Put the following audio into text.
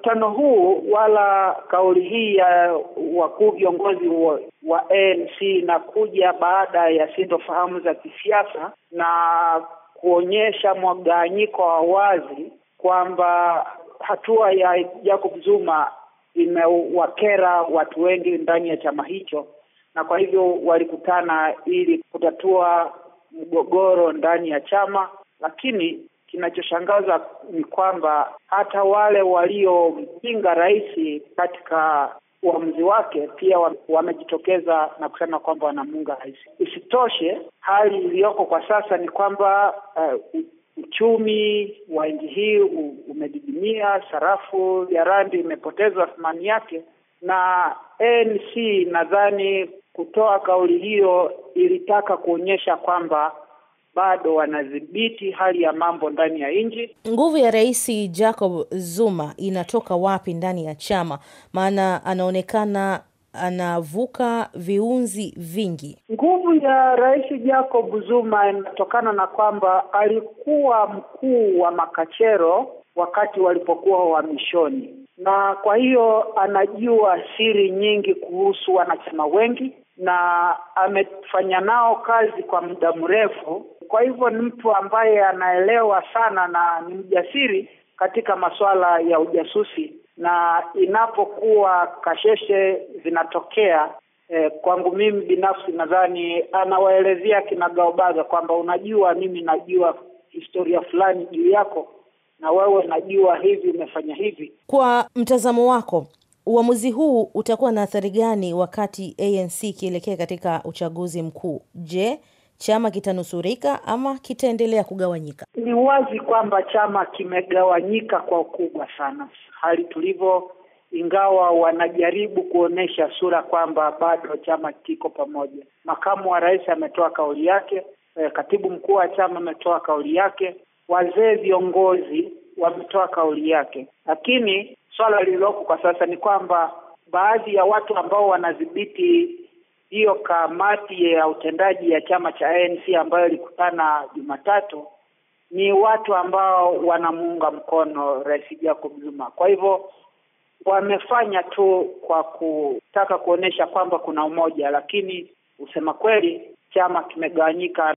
mkutano huu wala kauli hii ya wakuu viongozi wa, ANC inakuja baada ya sintofahamu za kisiasa na kuonyesha mwaganyiko wa wazi kwamba hatua ya Jacob Zuma imewakera watu wengi ndani ya chama hicho, na kwa hivyo walikutana ili kutatua mgogoro ndani ya chama, lakini kinachoshangaza ni kwamba hata wale waliompinga rais katika uamuzi wake pia wamejitokeza na kusema kwamba wanamuunga rais. Isitoshe, hali iliyoko kwa sasa ni kwamba uh, uchumi wa nchi hii umedidimia, sarafu ya randi imepoteza thamani yake, na ANC nadhani kutoa kauli hiyo ilitaka kuonyesha kwamba bado wanadhibiti hali ya mambo ndani ya nchi. Nguvu ya Rais Jacob Zuma inatoka wapi ndani ya chama? Maana anaonekana anavuka viunzi vingi. Nguvu ya Rais Jacob Zuma inatokana na kwamba alikuwa mkuu wa makachero wakati walipokuwa uhamishoni, na kwa hiyo anajua siri nyingi kuhusu wanachama wengi na amefanya nao kazi kwa muda mrefu kwa hivyo ni mtu ambaye anaelewa sana na ni mjasiri katika masuala ya ujasusi, na inapokuwa kasheshe zinatokea eh, kwangu mimi binafsi nadhani anawaelezea kinagaobaga kwamba unajua, mimi najua historia fulani juu yako na wewe najua hivi umefanya hivi. Kwa mtazamo wako, uamuzi huu utakuwa na athari gani wakati ANC ikielekea katika uchaguzi mkuu? Je, chama kitanusurika ama kitaendelea kugawanyika? Ni wazi kwamba chama kimegawanyika kwa ukubwa sana hali tulivyo, ingawa wanajaribu kuonyesha sura kwamba bado chama kiko pamoja. Makamu wa rais ametoa kauli yake, eh, katibu mkuu wa chama ametoa kauli yake, wazee viongozi wametoa kauli yake, lakini swala lililoko kwa sasa ni kwamba baadhi ya watu ambao wanadhibiti hiyo kamati ya utendaji ya chama cha ANC ambayo ilikutana Jumatatu ni watu ambao wanamuunga mkono Rais Jacob Zuma. Kwa hivyo wamefanya tu kwa kutaka kuonesha kwamba kuna umoja, lakini usema kweli chama kimegawanyika